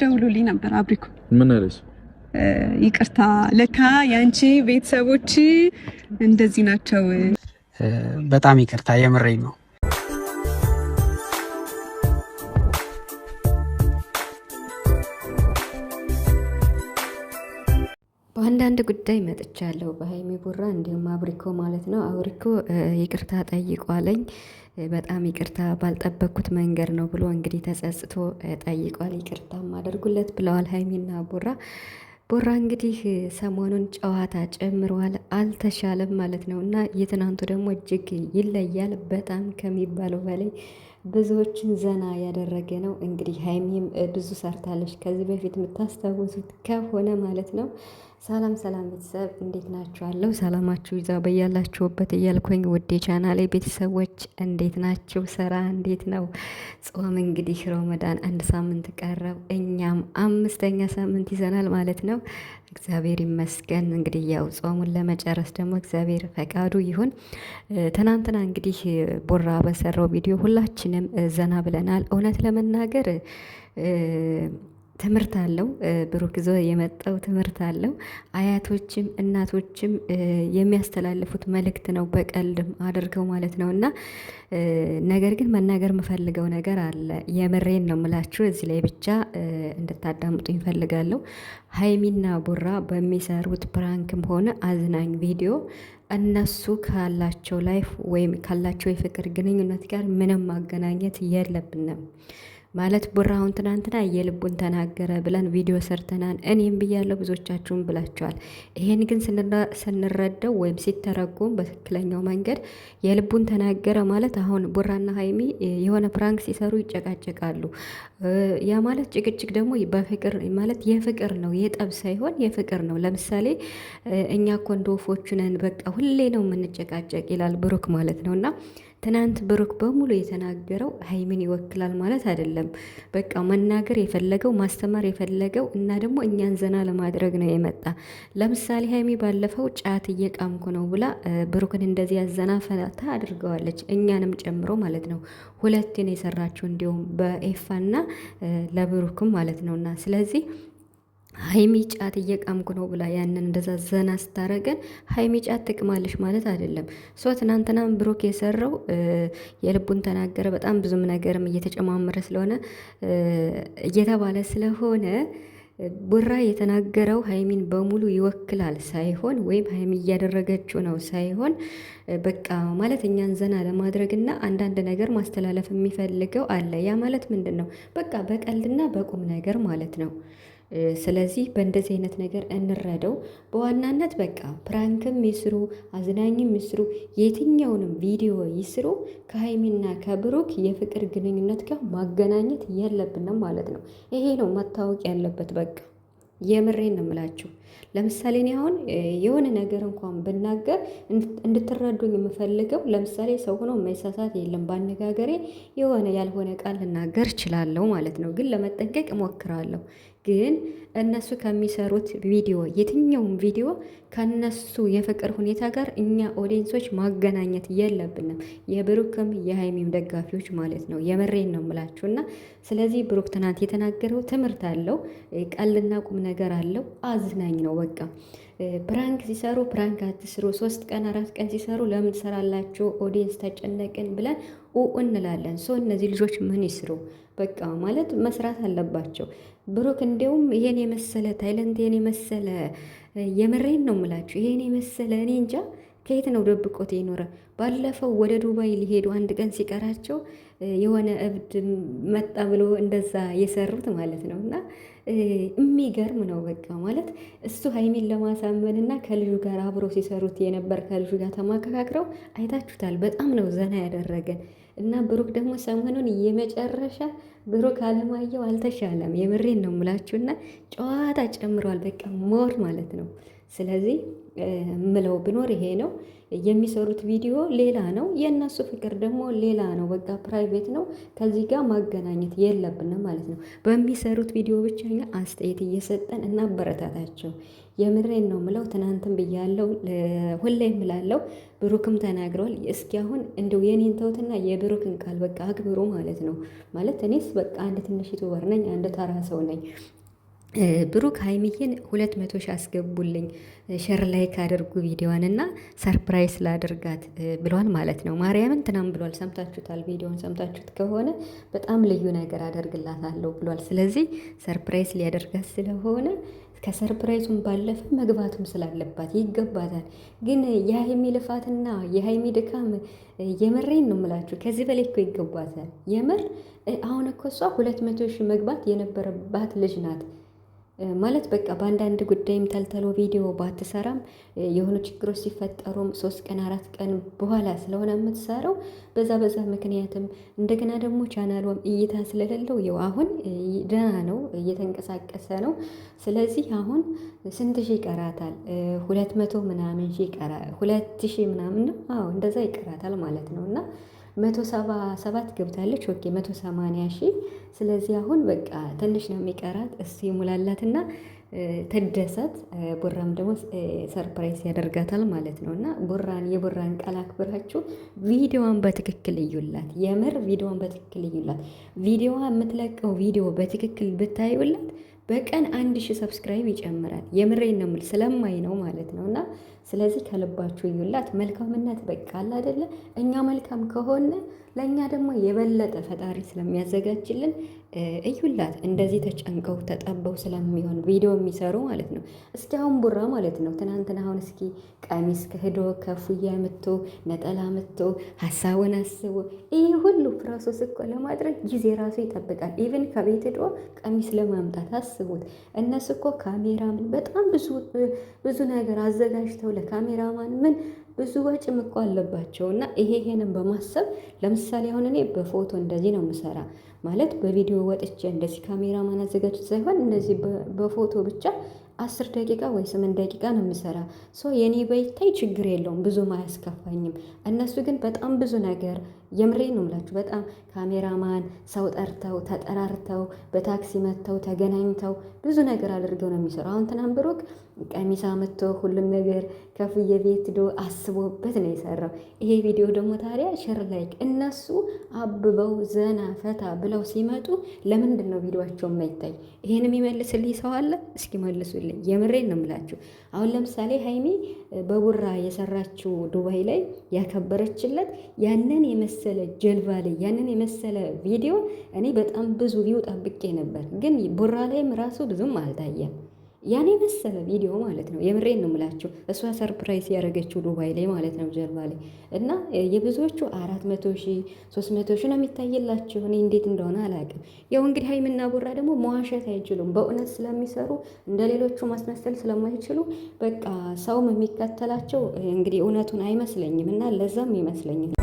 ደውሎልኝ ነበር አብሪኮ። ምን አለሽ? ይቅርታ ለካ የአንቺ ቤተሰቦች እንደዚህ ናቸው። በጣም ይቅርታ የምረኝ ነው። በአንዳንድ ጉዳይ መጥቻለሁ። በሀይሚ ቡራ እንዲሁም አብሪኮ ማለት ነው። አብሪኮ ይቅርታ ጠይቋለኝ በጣም ይቅርታ ባልጠበቅኩት መንገድ ነው ብሎ እንግዲህ ተጸጽቶ ጠይቋል። ይቅርታም አድርጉለት ብለዋል ሀይሚና ቦራ። ቦራ እንግዲህ ሰሞኑን ጨዋታ ጨምረዋል፣ አልተሻለም ማለት ነው እና የትናንቱ ደግሞ እጅግ ይለያል በጣም ከሚባለው በላይ ብዙዎችን ዘና ያደረገ ነው። እንግዲህ ሀይሚም ብዙ ሰርታለች ከዚህ በፊት የምታስታውሱት ከሆነ ማለት ነው። ሰላም ሰላም ቤተሰብ እንዴት ናችኋለሁ? ሰላማችሁ ይዛ በያላችሁበት እያልኩኝ ውዴ ቻናሌ ቤተሰቦች እንዴት ናችሁ? ስራ እንዴት ነው? ጾም እንግዲህ ረመዳን አንድ ሳምንት ቀረው። እኛም አምስተኛ ሳምንት ይዘናል ማለት ነው። እግዚአብሔር ይመስገን። እንግዲህ ያው ጾሙን ለመጨረስ ደግሞ እግዚአብሔር ፈቃዱ ይሁን። ትናንትና እንግዲህ ቦራ በሰራው ቪዲዮ ሁላችን በሚልም ዘና ብለናል። እውነት ለመናገር ትምህርት አለው ብሩክ ይዞ የመጣው ትምህርት አለው። አያቶችም እናቶችም የሚያስተላልፉት መልእክት ነው፣ በቀልድም አድርገው ማለት ነው። እና ነገር ግን መናገር የምፈልገው ነገር አለ። የምሬን ነው ምላችሁ፣ እዚህ ላይ ብቻ እንድታዳምጡ ይፈልጋለሁ። ሀይሚና ቡራ በሚሰሩት ፕራንክም ሆነ አዝናኝ ቪዲዮ እነሱ ካላቸው ላይፍ ወይም ካላቸው የፍቅር ግንኙነት ጋር ምንም ማገናኘት የለብንም። ማለት አሁን ትናንትና የልቡን ተናገረ ብለን ቪዲዮ ሰርተናል። እኔም ብያለሁ ብዙዎቻችሁም ብላችኋል። ይሄን ግን ስንረዳው ወይም ሲተረጎም በትክክለኛው መንገድ የልቡን ተናገረ ማለት አሁን ቡራና ሀይሚ የሆነ ፕራንክ ሲሰሩ ይጨቃጨቃሉ። ያ ማለት ጭቅጭቅ ደግሞ በፍቅር ማለት የፍቅር ነው፣ የጠብ ሳይሆን የፍቅር ነው። ለምሳሌ እኛ እኮ እንደ ነን፣ በቃ ሁሌ ነው የምንጨቃጨቅ ይላል ብሩክ ማለት ነው እና ትናንት ብሩክ በሙሉ የተናገረው ሀይሚን ይወክላል ማለት አይደለም። በቃ መናገር የፈለገው ማስተማር የፈለገው እና ደግሞ እኛን ዘና ለማድረግ ነው የመጣ። ለምሳሌ ሀይሚ ባለፈው ጫት እየቃምኩ ነው ብላ ብሩክን እንደዚህ ያዘና ፈታ አድርገዋለች፣ እኛንም ጨምሮ ማለት ነው። ሁለቴን የሰራችው እንዲሁም በኤፋና ለብሩክም ማለት ነውና ስለዚህ ሀይሚ ጫት እየቃምኩ ነው ብላ ያንን እንደዛ ዘና ስታረገን ሀይሚ ጫት ትቅማለች ማለት አይደለም። ሶ ትናንትና ብሩክ የሰራው የልቡን ተናገረ። በጣም ብዙም ነገርም እየተጨማመረ ስለሆነ እየተባለ ስለሆነ ቡራ የተናገረው ሀይሚን በሙሉ ይወክላል ሳይሆን ወይም ሀይሚ እያደረገችው ነው ሳይሆን በቃ ማለት እኛን ዘና ለማድረግና አንዳንድ ነገር ማስተላለፍ የሚፈልገው አለ። ያ ማለት ምንድን ነው? በቃ በቀልድና በቁም ነገር ማለት ነው። ስለዚህ በእንደዚህ አይነት ነገር እንረደው። በዋናነት በቃ ፕራንክም ይስሩ፣ አዝናኝም ይስሩ፣ የትኛውንም ቪዲዮ ይስሩ ከሀይሚና ከብሩክ የፍቅር ግንኙነት ጋር ማገናኘት የለብንም ማለት ነው። ይሄ ነው መታወቅ ያለበት። በቃ የምሬን ነው የምላችሁ። ለምሳሌ እኔ አሁን የሆነ ነገር እንኳን ብናገር እንድትረዱኝ የምፈልገው ለምሳሌ ሰው ሆኖ መሳሳት የለም። በአነጋገሬ የሆነ ያልሆነ ቃል ልናገር እችላለሁ ማለት ነው፣ ግን ለመጠንቀቅ እሞክራለሁ። ግን እነሱ ከሚሰሩት ቪዲዮ የትኛውም ቪዲዮ ከነሱ የፍቅር ሁኔታ ጋር እኛ ኦዲየንሶች ማገናኘት የለብንም። የብሩክም የሀይሚም ደጋፊዎች ማለት ነው። የመሬን ነው ምላችሁ እና ስለዚህ ብሩክ ትናንት የተናገረው ትምህርት አለው፣ ቀልና ቁም ነገር አለው፣ አዝናኝ ነው በቃ ፕራንክ ሲሰሩ ፕራንክ አትስሩ፣ ሶስት ቀን አራት ቀን ሲሰሩ ለምን ትሰራላችሁ ኦዲየንስ ተጨነቅን ብለን ኡ እንላለን። ሶ እነዚህ ልጆች ምን ይስሩ? በቃ ማለት መስራት አለባቸው። ብሩክ እንዲሁም ይሄን የመሰለ ታይለንት ይሄን የመሰለ የምሬን ነው ምላችሁ፣ ይሄን የመሰለ እኔ እንጃ ከየት ነው ደብቆት የኖረ? ባለፈው ወደ ዱባይ ሊሄዱ አንድ ቀን ሲቀራቸው የሆነ እብድ መጣ ብሎ እንደዛ የሰሩት ማለት ነው። እና የሚገርም ነው በቃ ማለት እሱ ሀይሚን ለማሳመን እና ከልጁ ጋር አብሮ ሲሰሩት የነበር ከልጁ ጋር ተማከካክረው አይታችሁታል። በጣም ነው ዘና ያደረገን። እና ብሩክ ደግሞ ሰሞኑን የመጨረሻ ብሩክ አለማየሁ አልተሻለም። የምሬን ነው የምላችሁና ጨዋታ ጨምሯል። በቃ ሞር ማለት ነው ስለዚህ ምለው ብኖር ይሄ ነው። የሚሰሩት ቪዲዮ ሌላ ነው፣ የእነሱ ፍቅር ደግሞ ሌላ ነው። በቃ ፕራይቬት ነው። ከዚህ ጋር ማገናኘት የለብንም ማለት ነው። በሚሰሩት ቪዲዮ ብቻ አስተያየት እየሰጠን እናበረታታቸው። የምሬን ነው ምለው። ትናንትም ብያለው፣ ሁሌ ምላለው፣ ብሩክም ተናግረዋል። እስኪ አሁን እንደው የኔን ተውትና የብሩክን ቃል በቃ አክብሩ ማለት ነው። ማለት እኔስ በቃ አንድ ትንሽ ዩቱበር ነኝ፣ አንድ ተራ ሰው ነኝ። ብሩክ ሀይሚዬን ሁለት መቶ ሺ አስገቡልኝ ሸር ላይ ካደርጉ ቪዲዮን እና ሰርፕራይዝ ላድርጋት ብሏል ማለት ነው። ማርያምን ትናም ብሏል። ሰምታችሁታል። ቪዲዮን ሰምታችሁት ከሆነ በጣም ልዩ ነገር አደርግላታለሁ ብሏል። ስለዚህ ሰርፕራይዝ ሊያደርጋት ስለሆነ ከሰርፕራይዙም ባለፈ መግባቱም ስላለባት ይገባታል። ግን የሀይሚ ልፋትና የሀይሚ ድካም የመሬን ነው ምላችሁ። ከዚህ በላይ እኮ ይገባታል። የምር አሁን እኮ እሷ ሁለት መቶ ሺህ መግባት የነበረባት ልጅ ናት። ማለት በቃ በአንዳንድ ጉዳይም ተልተሎ ቪዲዮ ባትሰራም የሆኑ ችግሮች ሲፈጠሩም ሶስት ቀን አራት ቀን በኋላ ስለሆነ የምትሰራው በዛ በዛ ምክንያትም እንደገና ደግሞ ቻናሏም እይታ ስለሌለው ያው አሁን ደህና ነው እየተንቀሳቀሰ ነው። ስለዚህ አሁን ስንት ሺህ ይቀራታል? ሁለት መቶ ምናምን ሺህ ይቀራ ሁለት ሺህ ምናምን ነው። አዎ እንደዛ ይቀራታል ማለት ነው እና መቶ ሰባ ሰባት ገብታለች። ኦኬ መቶ ሰማንያ ሺህ ስለዚህ አሁን በቃ ትንሽ ነው የሚቀራት። እሱ ይሙላላትና ትደሰት። ቦራም ደግሞ ሰርፕራይዝ ያደርጋታል ማለት ነው። እና ቦራን የቦራን ቃል አክብራችሁ ቪዲዮዋን በትክክል እዩላት። የምር ቪዲዮዋን በትክክል እዩላት። ቪዲዮዋ የምትለቀው ቪዲዮ በትክክል ብታዩላት በቀን አንድ ሺህ ሰብስክራይብ ይጨምራል። የምሬን ነው የምልህ ስለማይ ነው ማለት ነው እና ስለዚህ ከልባችሁ እዩላት። መልካምነት በቃ አለ አይደለ? እኛ መልካም ከሆነ ለእኛ ደግሞ የበለጠ ፈጣሪ ስለሚያዘጋጅልን እዩላት። እንደዚህ ተጨንቀው ተጠበው ስለሚሆን ቪዲዮ የሚሰሩ ማለት ነው። እስኪ አሁን ቡራ ማለት ነው ትናንትና፣ አሁን እስኪ ቀሚስ ከህዶ ከፉያ ምቶ ነጠላ ምቶ ሀሳቡን አስቦ ይህ ሁሉ ፕሮሰስ እኮ ለማድረግ ጊዜ ራሱ ይጠብቃል። ኢቨን ከቤት ሄዶ ቀሚስ ለማምጣት አስቡት። እነሱ እኮ ካሜራምን በጣም ብዙ ብዙ ነገር አዘጋጅተው ለካሜራማን ምን ብዙ ወጪም ምቆ አለባቸው እና ይሄ ይሄንን በማሰብ ለምሳሌ አሁን እኔ በፎቶ እንደዚህ ነው የምሰራ ማለት በቪዲዮ ወጥቼ እንደዚህ ካሜራማን አዘጋጅ ሳይሆን እንደዚህ በፎቶ ብቻ አስር ደቂቃ ወይ ስምንት ደቂቃ ነው የምሰራ። ሶ የኔ በይታይ ችግር የለውም ብዙም አያስከፋኝም። እነሱ ግን በጣም ብዙ ነገር የምሬ ነው ምላችሁ፣ በጣም ካሜራማን ሰው ጠርተው ተጠራርተው በታክሲ መጥተው ተገናኝተው ብዙ ነገር አድርገው ነው የሚሰሩ። አሁን ትናንት ብሩክ ቀሚሳ መጥቶ ሁሉም ነገር ከፍዬ ቤት ዶ አስቦበት ነው የሰራው። ይሄ ቪዲዮ ደግሞ ታዲያ ሸር ላይክ እነሱ አብበው ዘና ፈታ ብለው ሲመጡ ለምንድን ነው ቪዲዮቸው የማይታይ? ይሄን የሚመልስልኝ ሰው አለ? እስኪ መልሱልኝ። የለም። የምሬን ነው የምላችሁ። አሁን ለምሳሌ ሀይሚ በቡራ የሰራችው ዱባይ ላይ ያከበረችለት ያንን የመሰለ ጀልባ ላይ ያንን የመሰለ ቪዲዮ እኔ በጣም ብዙ ቪው ጠብቄ ነበር፣ ግን ቡራ ላይም ራሱ ብዙም አልታየም። ያኔ መሰለ ቪዲዮ ማለት ነው። የምሬን ነው የምላችሁ። እሷ ሰርፕራይዝ ያደረገችው ዱባይ ላይ ማለት ነው ጀርባ ላይ እና የብዙዎቹ አራት መቶ ሺ ሶስት መቶ ሺ ነው የሚታየላቸው። እኔ እንዴት እንደሆነ አላውቅም። ያው እንግዲህ ሀይሚና ቦራ ደግሞ መዋሸት አይችሉም። በእውነት ስለሚሰሩ እንደ ሌሎቹ ማስመሰል ስለማይችሉ በቃ ሰውም የሚከተላቸው እንግዲህ እውነቱን አይመስለኝም እና ለዛም ይመስለኛል